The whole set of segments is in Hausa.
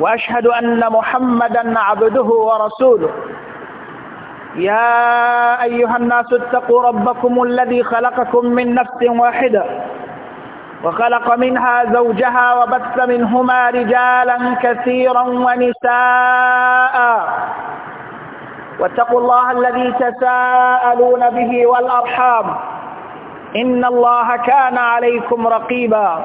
واشهد ان محمدا عبده ورسوله يا ايها الناس اتقوا ربكم الذي خلقكم من نفس واحده وخلق منها زوجها وبث منهما رجالا كثيرا ونساء واتقوا الله الذي تساءلون به والارحام ان الله كان عليكم رقيبا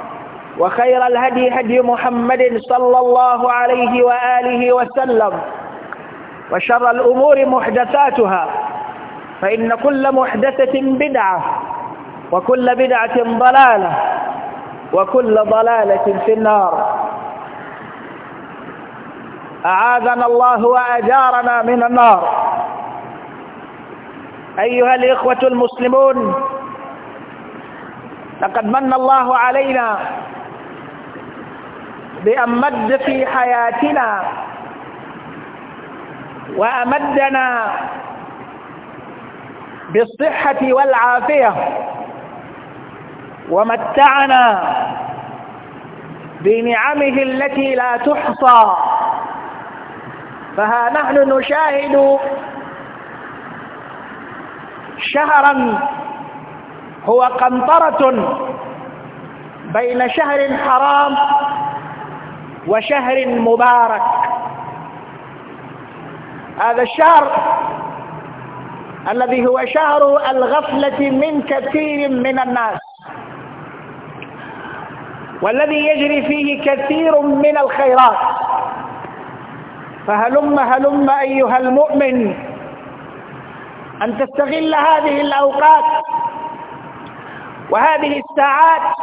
وخير الهدي هدي محمد صلى الله عليه وآله وسلم وشر الأمور محدثاتها فإن كل محدثة بدعة وكل بدعة ضلالة وكل ضلالة في النار أعاذنا الله وأجارنا من النار أيها الإخوة المسلمون لقد من الله علينا بأمد في حياتنا وأمدنا بالصحة والعافية ومتعنا بنعمه التي لا تحصى فها نحن نشاهد شهرا هو قنطرة بين شهر حرام وشهر مبارك هذا الشهر الذي هو شهر الغفلة من كثير من الناس والذي يجري فيه كثير من الخيرات فهلم هلم أيها المؤمن أن تستغل هذه الأوقات وهذه الساعات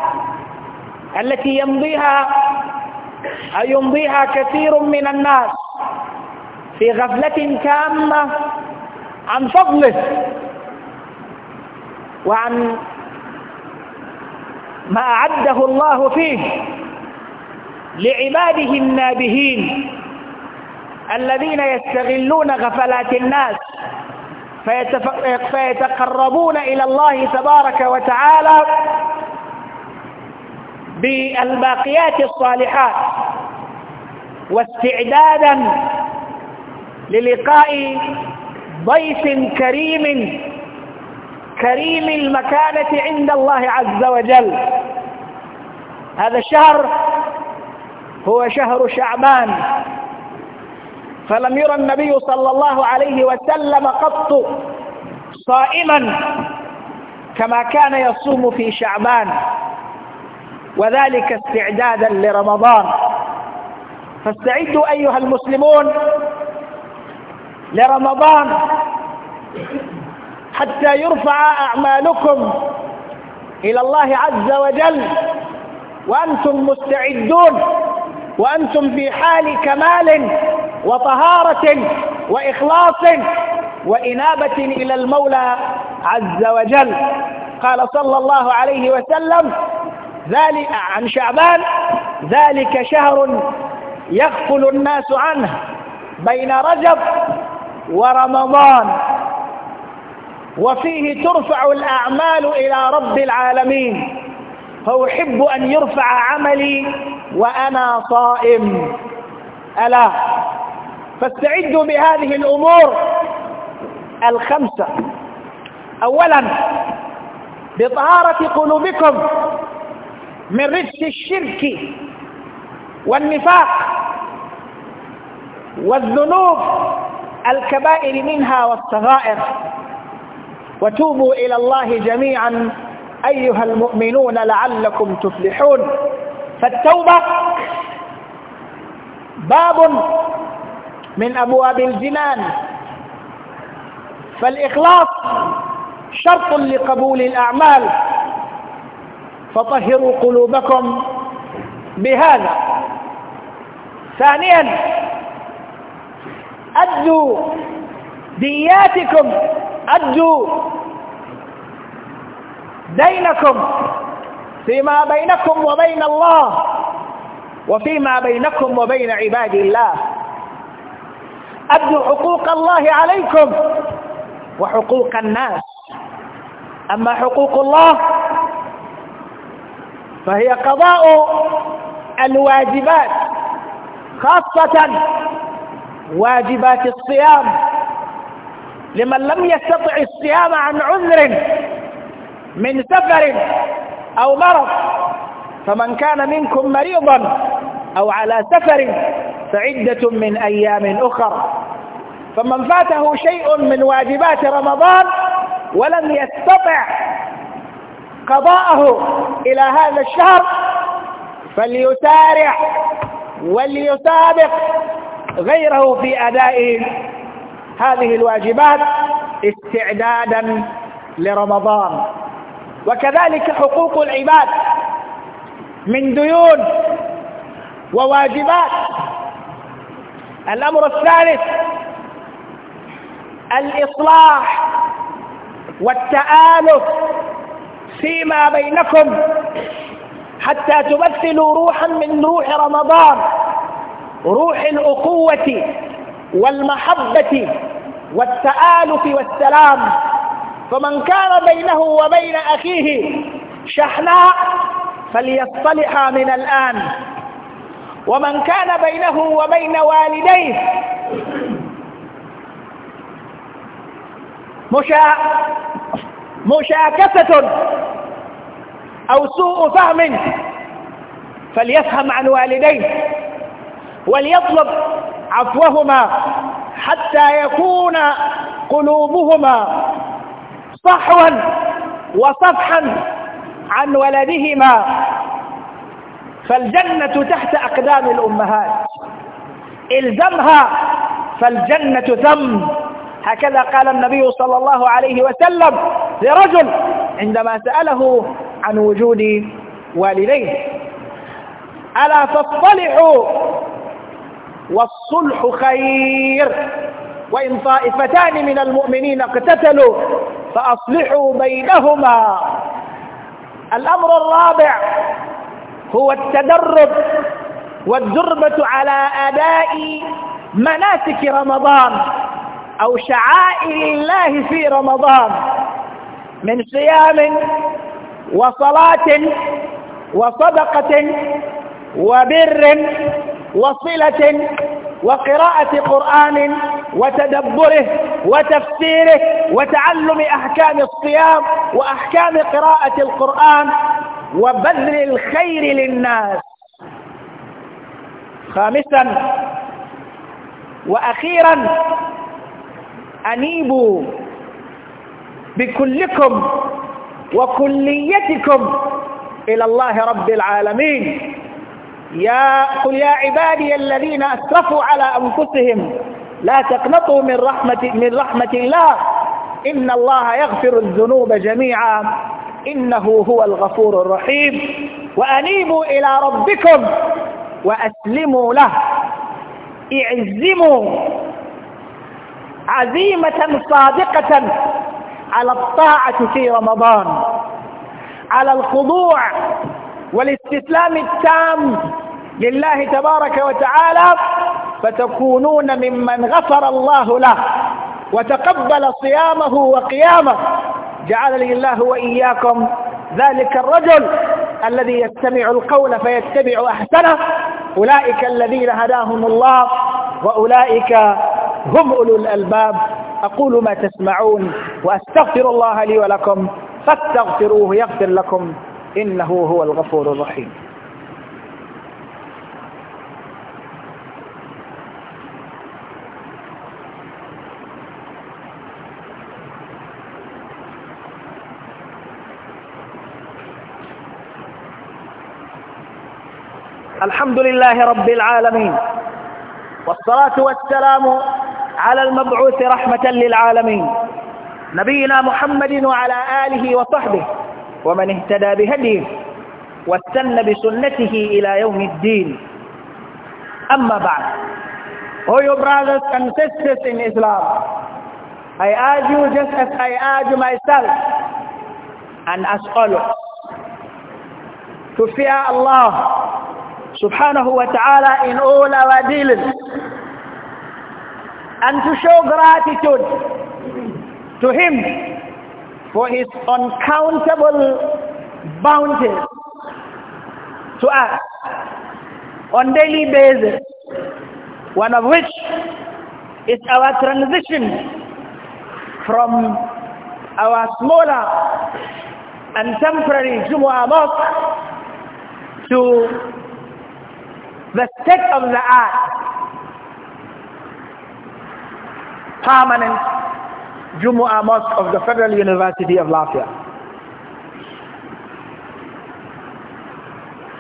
التي يمضيها أن يمضيها كثير من الناس في غفلة تامة عن فضله وعن ما أعده الله فيه لعباده النابهين الذين يستغلون غفلات الناس فيتقربون إلى الله تبارك وتعالى بالباقيات الصالحات واستعدادا للقاء ضيف كريم كريم المكانة عند الله عز وجل هذا الشهر هو شهر شعبان فلم يرى النبي صلى الله عليه وسلم قط صائما كما كان يصوم في شعبان وذلك استعدادا لرمضان فاستعدوا أيها المسلمون لرمضان حتى يرفع أعمالكم إلى الله عز وجل وأنتم مستعدون وأنتم في حال كمال وطهارة وإخلاص وإنابة إلى المولى عز وجل قال صلى الله عليه وسلم ذلك عن شعبان ذلك شهر يغفل الناس عنه بين رجب ورمضان وفيه ترفع الأعمال إلى رب العالمين فأحب أن يرفع عملي وأنا صائم ألا فاستعدوا بهذه الأمور الخمسة أولا بطهارة قلوبكم من رجس الشرك والنفاق والذنوب الكبائر منها والصغائر وتوبوا إلى الله جميعا أيها المؤمنون لعلكم تفلحون فالتوبة باب من أبواب الجنان فالإخلاص شرط لقبول الأعمال فطهروا قلوبكم بهذا ثانيا أدوا دياتكم أدوا دينكم فيما بينكم وبين الله وفيما بينكم وبين عباد الله أدوا حقوق الله عليكم وحقوق الناس أما حقوق الله فهي قضاء الواجبات خاصة واجبات الصيام لمن لم يستطع الصيام عن عذر من سفر أو مرض فمن كان منكم مريضا أو على سفر فعدة من أيام أخرى فمن فاته شيء من واجبات رمضان ولم يستطع قضاءه إلى هذا الشهر فليسارع وليسابق غيره في أداء هذه الواجبات استعدادا لرمضان وكذلك حقوق العباد من ديون وواجبات الأمر الثالث الإصلاح والتآلف فيما بينكم حتى تمثلوا روحا من روح رمضان روح الأقوة والمحبة والتآلف والسلام فمن كان بينه وبين أخيه شحناء فليصطلحا من الآن ومن كان بينه وبين والديه مشاء مشاكسة أو سوء فهم فليفهم عن والديه وليطلب عفوهما حتى يكون قلوبهما صحوا وصفحا عن ولدهما فالجنة تحت أقدام الأمهات إلزمها فالجنة ثم هكذا قال النبي صلى الله عليه وسلم لرجل عندما سأله عن وجود والديه ألا تصطلح والصلح خير وإن طائفتان من المؤمنين اقتتلوا فأصلحوا بينهما الأمر الرابع هو التدرب والدربة على أداء مناسك رمضان أو شعائر الله في رمضان من صيام وصلاة وصدقة وبر وصلة وقراءة قرآن وتدبره وتفسيره وتعلم أحكام الصيام وأحكام قراءة القرآن وبذل الخير للناس خامسا وأخيرا أنيبوا بكلكم وكليتكم إلى الله رب العالمين يا قل يا عبادي الذين أسرفوا على أنفسهم لا تقنطوا من رحمة, من رحمة الله إن الله يغفر الذنوب جميعا إنه هو الغفور الرحيم وأنيبوا إلى ربكم وأسلموا له اعزموا عزيمة صادقة على الطاعة في رمضان على الخضوع والاستسلام التام لله تبارك وتعالى فتكونون ممن غفر الله له وتقبل صيامه وقيامه جعلني الله وإياكم ذلك الرجل الذي يستمع القول فيتبع أحسنه أولئك الذين هداهم الله وأولئك هم أولو الألباب أقول ما تسمعون وأستغفر الله لي ولكم فاستغفروه يغفر لكم إنه هو الغفور الرحيم الحمد لله رب العالمين والصلاة والسلام على المبعوث رحمة للعالمين نبينا محمد وعلى آله وصحبه ومن اهتدى بهديه واستنى بسنته إلى يوم الدين أما بعد Oh your brothers and sisters in Islam I urge you just as I urge myself and as follows to fear Allah subhanahu wa ta'ala in all our dealings and to show gratitude to him for his uncountable bounties to us on daily basis one of which is our transition from our smaller and temporary Jumu'ah mosque to the state of the art permanent Jumu'ah Mosque of the Federal University of Latvia.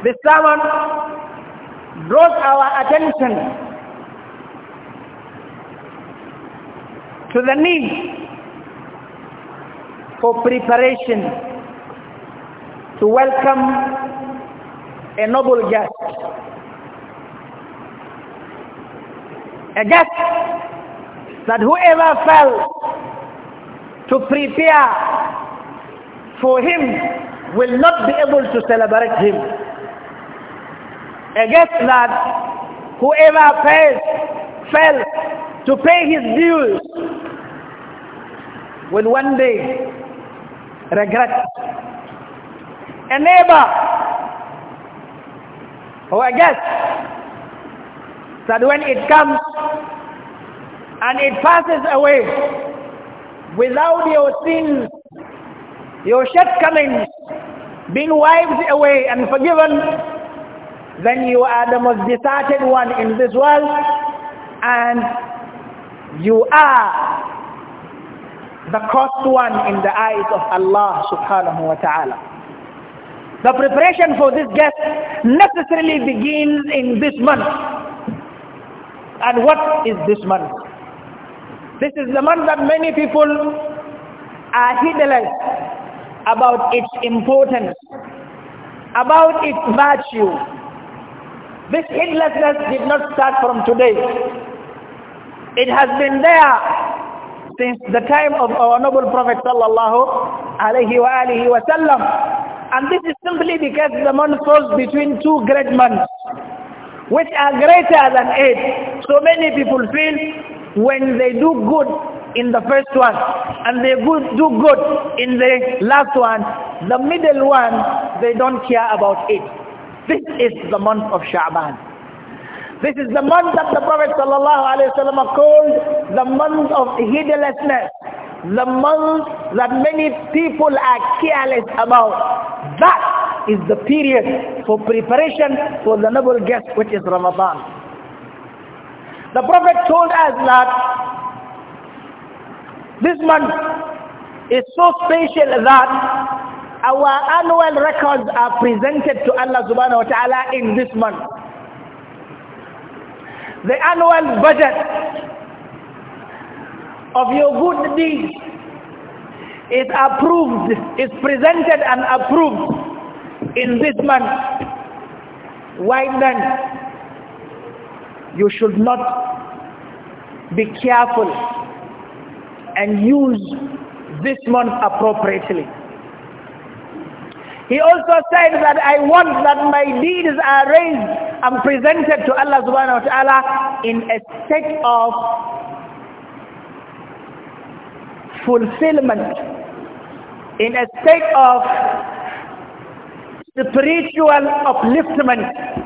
The sermon draws our attention to the need for preparation to welcome a noble guest. A guest that whoever fell to prepare for him will not be able to celebrate him. Against that, whoever fails, fails to pay his dues will one day regret. A neighbor or a guest that when it comes and it passes away without your sins, your shortcomings being wiped away and forgiven, then you are the most deserted one in this world and you are the cost one in the eyes of Allah subhanahu wa ta'ala. The preparation for this guest necessarily begins in this month. And what is this month? This is the month that many people are heedless about its importance, about its virtue. This heedlessness did not start from today. It has been there since the time of our noble Prophet sallallahu alaihi wasallam. And this is simply because the month falls between two great months, which are greater than eight. So many people feel when they do good in the first one and they do good in the last one the middle one they don't care about it this is the month of Sha'ban this is the month that the Prophet sallallahu called the month of heedlessness the month that many people are careless about that is the period for preparation for the noble guest which is Ramadan the Prophet told us that this month is so special that our annual records are presented to Allah subhanahu wa ta'ala in this month. The annual budget of your good deeds is approved, is presented and approved in this month. Why then you should not be careful and use this month appropriately. He also said that I want that my deeds are raised and presented to Allah subhanahu wa ta'ala in a state of fulfillment, in a state of spiritual upliftment.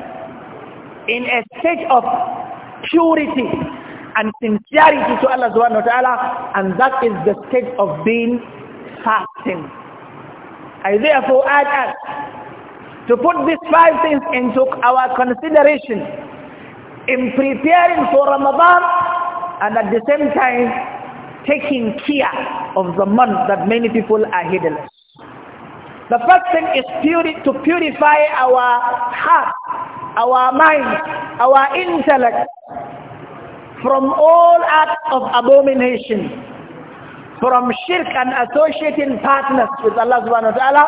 in a stage of purity and sincerity to Allah subhanahu wa ta'ala and that is the stage of being fasting. I therefore add us to put these five things into our consideration in preparing for Ramadan and at the same time taking care of the month that many people are heedless. The first thing is puri to purify our heart, our mind, our intellect from all acts of abomination, from shirk and associating partners with Allah subhanahu wa ta'ala,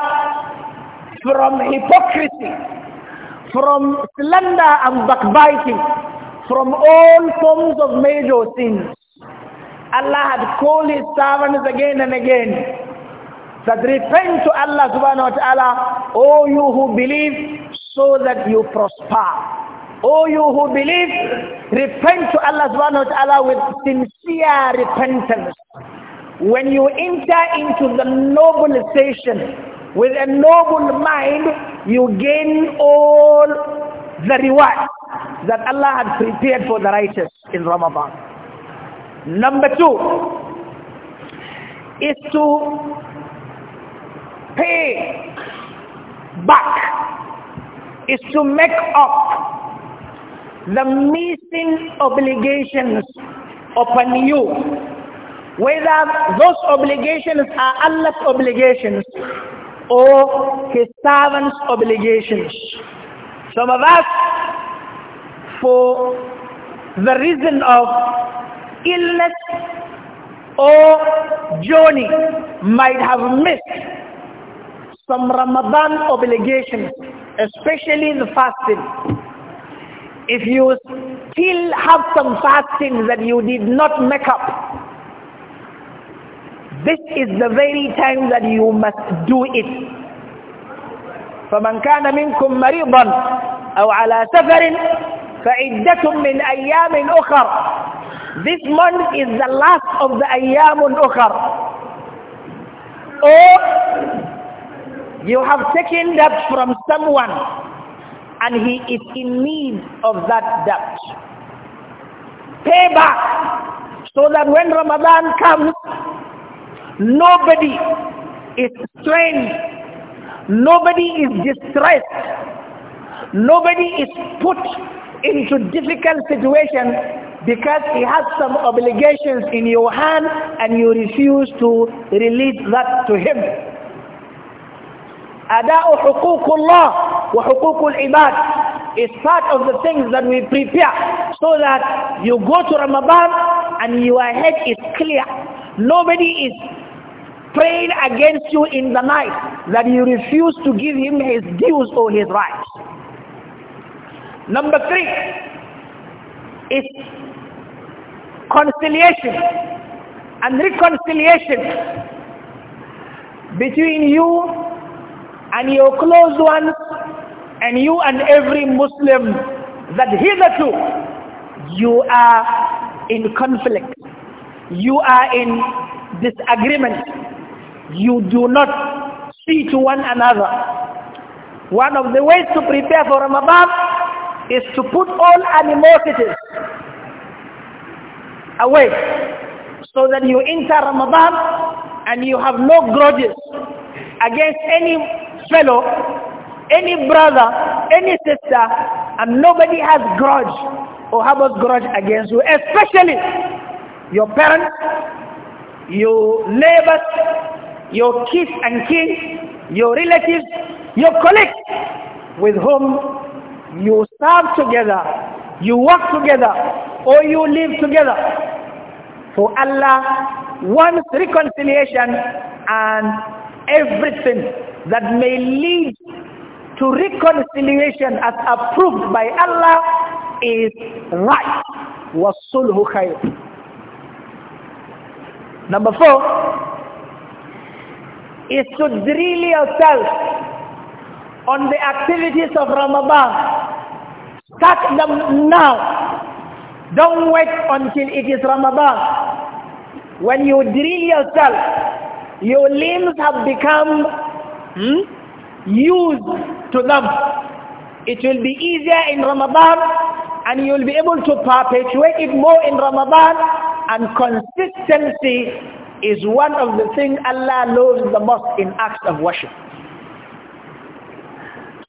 from hypocrisy, from slander and backbiting, from all forms of major sins. Allah had called his servants again and again that repent to Allah subhanahu wa ta'ala, O you who believe, so that you prosper. O you who believe, repent to Allah subhanahu wa ta'ala with sincere repentance. When you enter into the noble station with a noble mind, you gain all the reward that Allah had prepared for the righteous in Ramadan. Number two is to pay back is to make up the missing obligations upon you. Whether those obligations are Allah's obligations or his servant's obligations. Some of us, for the reason of illness or journey, might have missed some Ramadan obligations, especially the fasting. If you still have some fasting that you did not make up, this is the very time that you must do it. فمن كان منكم مريضا أو على سفر فعدة من أيام أخر This month is the last of the أيام أخر or You have taken debt from someone and he is in need of that debt. Pay back so that when Ramadan comes, nobody is strained, nobody is distressed, nobody is put into difficult situations because he has some obligations in your hand and you refuse to release that to him ada'u huququllah wa huququl ibad is part of the things that we prepare so that you go to Ramadan and your head is clear nobody is praying against you in the night that you refuse to give him his dues or his rights number 3 is conciliation and reconciliation between you and your close ones and you and every Muslim that hitherto you are in conflict, you are in disagreement, you do not see to one another. One of the ways to prepare for Ramadan is to put all animosities away so that you enter Ramadan and you have no grudges against any fellow, any brother, any sister, and nobody has grudge or harbors grudge against you, especially your parents, your neighbors, your kids and kin, your relatives, your colleagues with whom you serve together, you work together, or you live together. For Allah wants reconciliation and everything that may lead to reconciliation as approved by Allah is right. وَالصُّلْهُ خَيْرٌ Number four is to drill yourself on the activities of Ramadan. Start them now. Don't wait until it is Ramadan. When you drill yourself, your limbs have become hmm, to them. It will be easier in Ramadan and you'll be able to perpetuate it more in Ramadan and consistency is one of the things Allah loves the most in acts of worship.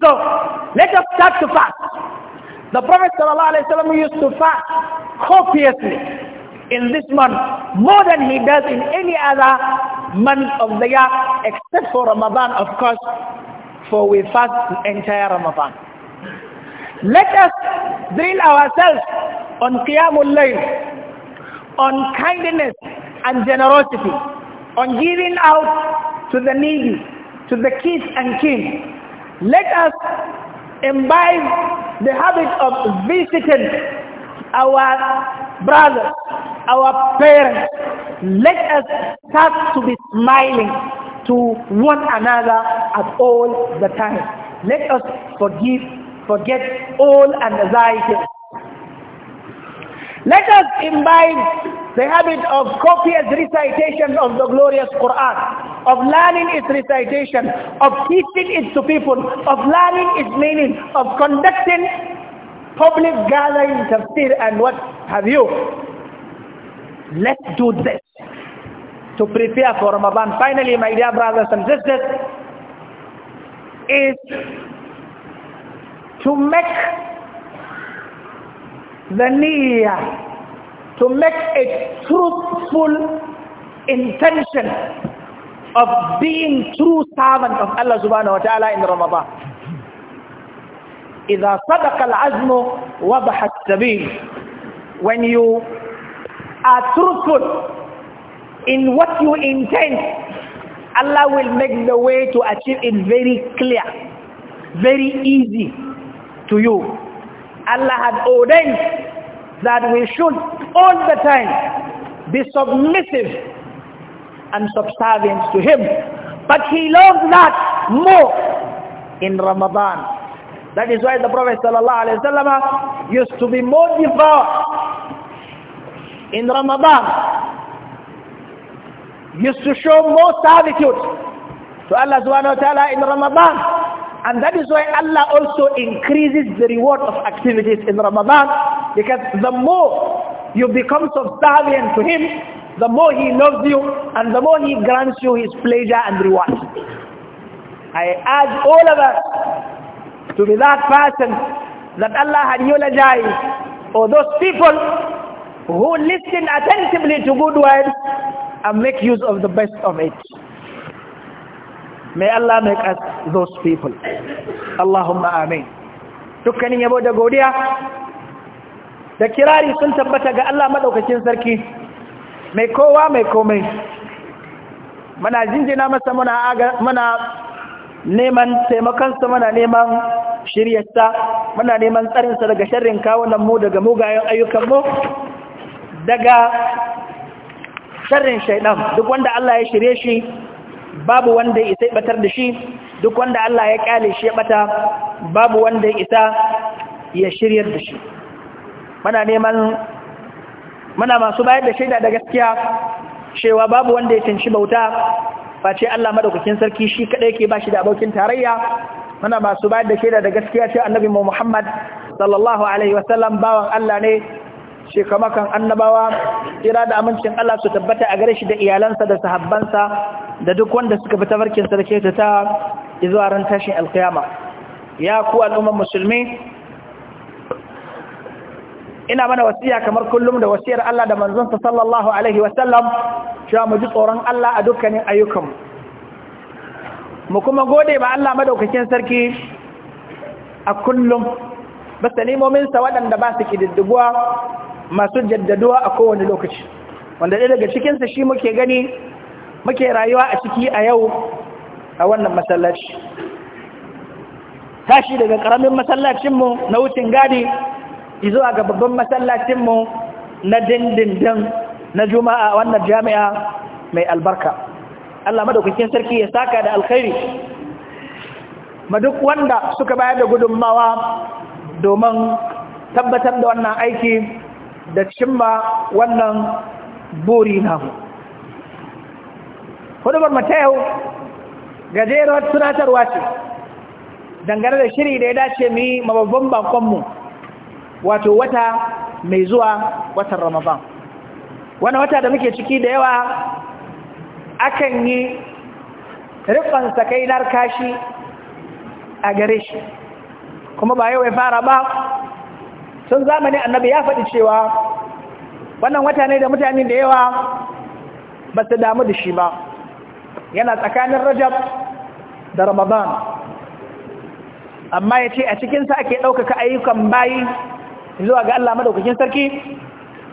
So let us start to fast. The Prophet Wasallam used to fast copiously in this month more than he does in any other month of the year except for Ramadan of course for we fast the entire Ramadan. Let us drill ourselves on Qiyamul Layl, on kindness and generosity, on giving out to the needy, to the kids and kin. Let us imbibe the habit of visiting our brothers, our parents. Let us start to be smiling to one another at all the time. Let us forgive, forget all anxiety. Let us imbibe the habit of copious recitation of the glorious Quran, of learning its recitation, of teaching it to people, of learning its meaning, of conducting public gatherings, of tafsir and what have you. Let's do this to prepare for Ramadan. Finally, my dear brothers and sisters, is to make the niyyah, to make a truthful intention of being true servant of Allah subhanahu wa ta'ala in Ramadan. إذا صدق العزم وضح السبيل when you are truthful in what you intend, Allah will make the way to achieve it very clear, very easy to you. Allah has ordained that we should all the time be submissive and subservient to Him. But He loves that more in Ramadan. That is why the Prophet ﷺ used to be more devout in Ramadan used to show more servitude to Allah subhanahu wa ta'ala in Ramadan and that is why Allah also increases the reward of activities in Ramadan because the more you become subservient to him the more he loves you and the more he grants you his pleasure and reward I urge all of us to be that person that Allah had eulogized or those people who listen attentively to good words and make use of the best of it. May Allah make us those people. Allahumma amin. Dukkanin yabo da godiya da kirari sun tabbata ga Allah maɗaukacin sarki mai kowa mai komai. Muna jinjina masa muna neman taimakonsa muna neman shiryarsa muna neman tsarinsa daga sharrin kawunan mu daga mugayen ayyukan mu daga sharrin shaidan duk wanda Allah ya shirye shi babu wanda ya isa batar da shi duk wanda Allah ya kyale shi ya bata babu wanda ya isa ya shiryar da shi muna neman muna masu bayar da shaida da gaskiya cewa babu wanda ya tanci bauta face Allah madaukakin sarki shi kadai yake bashi da abokin tarayya muna masu bayar da shaida da gaskiya cewa annabi Muhammad sallallahu alaihi wasallam bawan Allah ne kan annabawa kira da amincin Allah su tabbata a gare shi da iyalansa da sahabbansa da duk wanda suka fi tafarkin sarki ta ta zuwa ran tashin alkiyama ya ku al'ummar musulmi ina mana wasiya kamar kullum da wasiyar Allah da manzonsa sallallahu alaihi wasallam cewa mu ji tsoron Allah a dukkanin ayyukanmu mu kuma gode ba Allah madaukakin sarki a kullum ba sa waɗanda ba su ƙididdiguwa masu jaddaduwa a kowane lokaci wanda ɗaya daga cikinsa shi muke gani muke rayuwa a ciki a yau a wannan masallaci tashi daga ƙaramin masallacinmu na wucin gadi zuwa ga babban masallacinmu na dindindin na juma'a wannan jami'a mai albarka Allah madaukakin sarki ya saka da alkhairi ma duk wanda suka bayar da gudunmawa domin tabbatar da wannan aiki da cimma wannan buri na namu hudubar mata yau gajerar tunatarwa ce dangane da shiri da ya dace mu yi mababban bankonmu wato wata mai zuwa watan ramadan wani wata da muke ciki da yawa akan yi rikon sakainar kashi a gare shi kuma ba yau ya fara ba sun zamani annabi ya faɗi cewa wannan wata ne da mutane da yawa ba su damu da shi ba yana tsakanin rajab da ramadan amma ya ce a cikinsa ake ɗaukaka ayyukan bayi zuwa ga Allah madaukakin sarki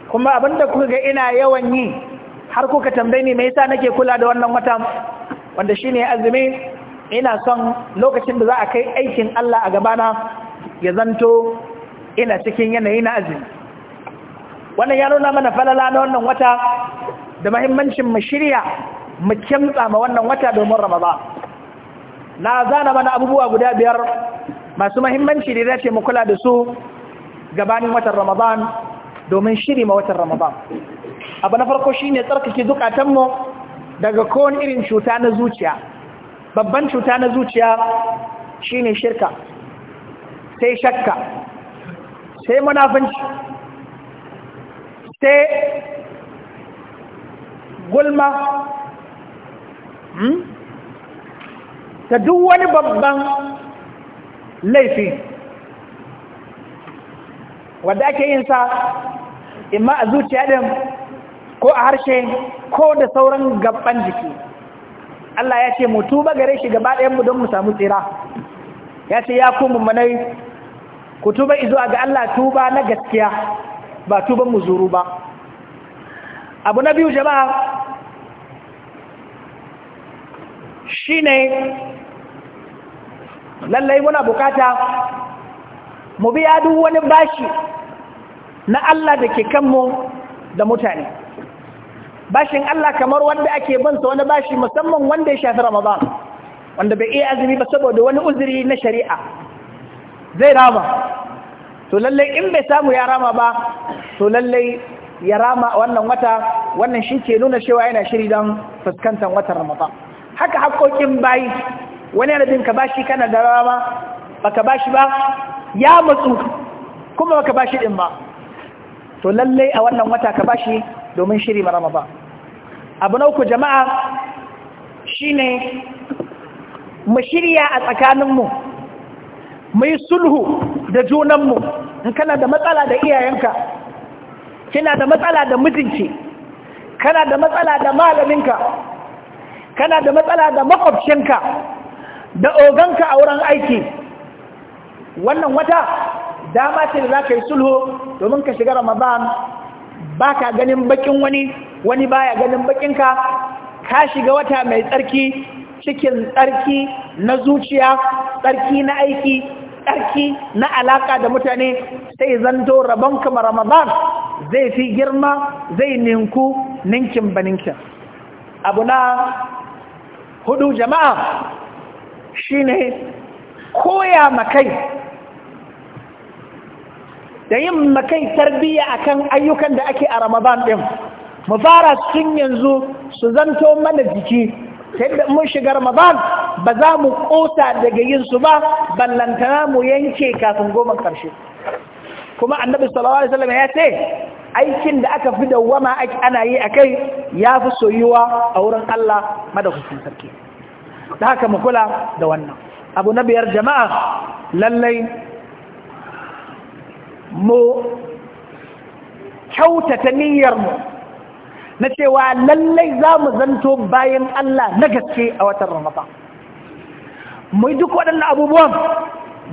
kuma abinda kuka ga ina yawan yi har kuka tambaye ni me yasa nake kula da wannan wata? wanda shine azumi ina son lokacin da za a kai aikin Allah a gabana ya zanto ina cikin yanayi na azumi wannan ya nuna mana falala na wannan wata da mahimmancin mu shirya mu kimtsa ma wannan wata domin ramadan na zana mana abubuwa guda biyar masu mahimmanci da dace mu kula da su gabanin watan ramadan domin shiri ma watan ramadan abu na farko shine tsarkake mu daga kowane irin cuta na zuciya babban cuta na zuciya shine shirka sai shakka sai munafunci sai gulma ta hmm? duk wani babban laifi wadda ake yin sa imma a zuciya din ko a harshe ko da sauran gaban jiki Allah ya ce mutu ba gare shi gaba ɗayan don mu samu tsira ya ce ya kuma manai. ku tuba izuwa ga Allah tuba na gaskiya ba tuban zuru ba abu na biyu jama'a shine lallai muna bukata mu biya duk wani bashi na Allah da ke kanmu da mutane bashin Allah kamar wanda ake bansa wani bashi musamman wanda ya shafi Ramadan wanda bai iya azumi ba saboda wani uzuri na shari'a zai rama to lallai in bai samu ya rama ba to lallai ya rama wannan wata wannan shi ke nuna cewa yana shiri don fuskantar watan ramadan haka haƙoƙin bayi wani yana ka bashi kana da rama baka bashi ba ya matsu kuma baka bashi din ba to lallai a wannan wata ka bashi domin shiri ma ramadan abu na uku jama'a shine mu shirya a tsakaninmu mu sulhu da junanmu in kana da matsala da iyayenka kina da matsala da mijinki kana da matsala da malaminka kana da matsala da makwabcinka da oganka a wurin aiki wannan wata dama ce da za ka yi sulhu domin ka shiga ramadan ba ka ganin bakin wani wani baya ganin bakinka ka shiga wata mai tsarki cikin tsarki na zuciya tsarki na aiki tsarki na alaka da mutane sai zanto rabon kuma ramadan zai fi girma zai ninku ninkin baninkin abu na hudu jama'a shine koya makai da yin makai tarbiyya akan ayyukan da ake a ramadan ɗin, mu fara cikin yanzu su zanto mana jiki sai yadda mun shiga ramadan ba za mu ƙota daga yin su ba ballantana mu yanke kafin goma karshe kuma annabi sallallahu alaihi wasallam ya ce aikin da aka fi dawwama ana yi akai ya fi soyuwa a wurin Allah madaukakin sarki da haka mu kula da wannan abu na biyar jama'a lallai mu kyautata niyyarmu na cewa lallai za mu zanto bayan Allah na gaske a watan Ramadan. Mu yi duk waɗannan abubuwan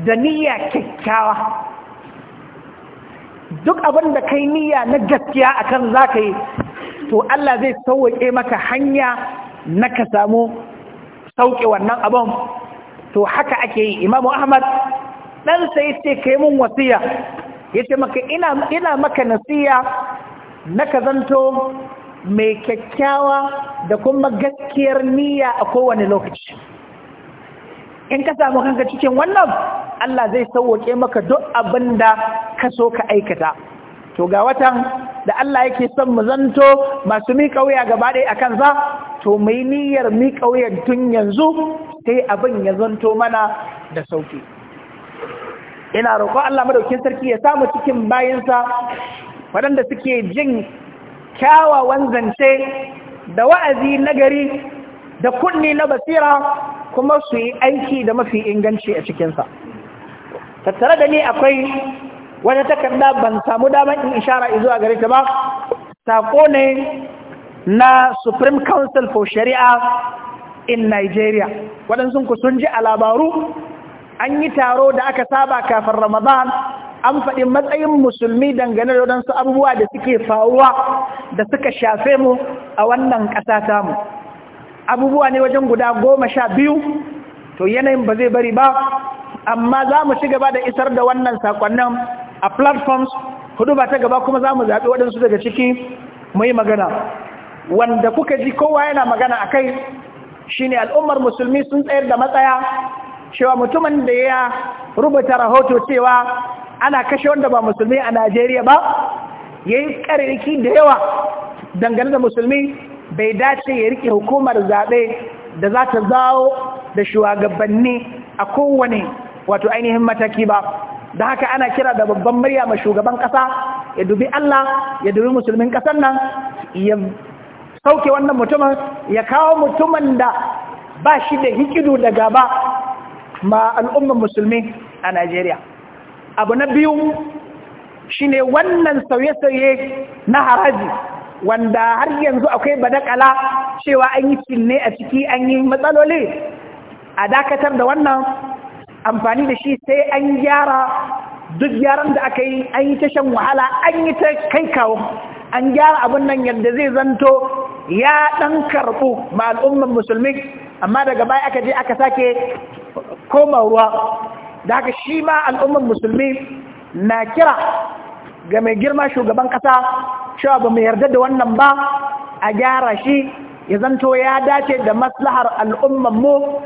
da niyya kyakkyawa. Duk abin da kai niyya na gaskiya akan za ka yi, to Allah zai sauwaƙe maka hanya na ka samu sauƙe wannan abin. To haka ake yi, Imam Ahmad ɗansa ya ce ka yi mun wasiya, ya ce maka ina maka nasiya na ka zanto mai kyakkyawa da kuma gaskiyar niyya a kowane lokaci in ka samu kanka cikin wannan Allah zai sauwake maka duk abin da ka so ka aikata to ga watan da Allah yake son mu zanto masu miƙa wuya gaba ɗaya a kansa to mai niyyar miƙa wuya tun yanzu sai abin ya zanto mana da sauki ina roƙo Allah madaukin sarki ya samu cikin bayansa waɗanda suke jin kyawawan zance da wa'azi na gari da kunni na basira kuma su yi aiki da mafi inganci a cikinsa tattare da ni akwai wata takarda ban samu damar in ishara zuwa gare ta ba sako ne na supreme council for shari'a in nigeria waɗansu ku sun ji a labaru an yi taro da aka saba kafin ramadan an faɗi matsayin musulmi dangane da wadansu abubuwa da suke faruwa da suka shafe mu a wannan ƙasa tamu abubuwa ne wajen guda goma sha biyu to yanayin ba zai bari ba amma za mu ci gaba da isar da wannan sakonnin a platforms hudu ba ta gaba kuma za mu zaɓi waɗansu daga ciki mu yi magana wanda kuka ji kowa yana magana a kai shi ne al'ummar musulmi sun tsayar da matsaya cewa mutumin da ya rubuta rahoto cewa ana kashe wanda ba musulmi a Najeriya ba yayi karirki da yawa dangane da musulmi bai dace ya rike hukumar zaɓe da za ta zawo da shugabanni a kowane wato ainihin mataki ba da haka ana kira da babban murya ma shugaban ƙasa ya dubi Allah ya dubi musulmin ƙasar nan ya sauke wannan mutumin ya kawo mutumin da ba shi da hikidu da gaba ma al'ummar musulmi a Najeriya. abu na biyu shi ne wannan sauye-sauye na haraji wanda har yanzu akwai badakala cewa an yi cinne a ciki an yi matsaloli a dakatar da wannan amfani da shi sai an gyara duk gyaran da aka yi an yi ta shan wahala an yi ta kai kawo an gyara abin nan yadda zai zanto ya ɗan karɓu ma al'ummar musulmi amma daga baya aka je aka sake koma ruwa da haka shi ma al'ummar musulmi na kira ga mai girma shugaban kasa cewa ba mu yarda da wannan ba a gyara shi ya zanto ya dace da maslahar al'ummar mu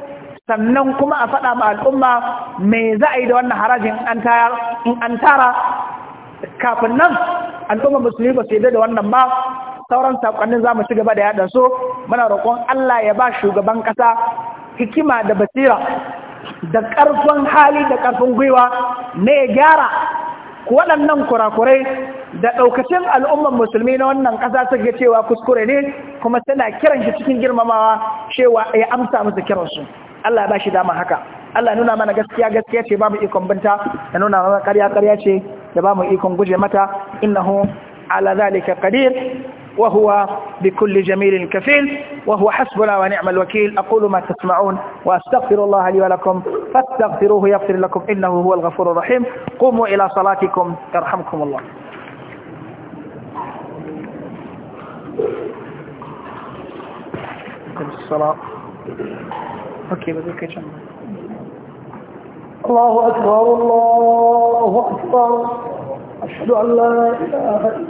sannan kuma a faɗa ma al'umma mai za a yi da wannan harajin in an tara kafin nan al'ummar musulmi ba su yarda da wannan ba sauran sakonnin za mu ci gaba da yada so muna roƙon Allah ya ba shugaban ƙasa hikima da basira da ƙarfin hali da ƙarfin gwiwa na gyara waɗannan kurakurai da ɗaukacin al'ummar musulmi na wannan ƙasa suke cewa kuskure ne kuma suna kiran shi cikin girmamawa cewa ya amsa musu kiransu Allah ya ba shi dama haka Allah nuna mana gaskiya gaskiya ce ba mu ikon binta ya nuna mana ƙarya ƙarya ce da ba mu ikon guje mata innahu ala zalika qadir وهو بكل جميل كفيل وهو حسبنا ونعم الوكيل أقول ما تسمعون وأستغفر الله لي ولكم فاستغفروه يغفر لكم إنه هو الغفور الرحيم قوموا إلى صلاتكم يرحمكم الله الصلاة أوكي بذلك الله أكبر الله أكبر أشهد أن لا إله إلا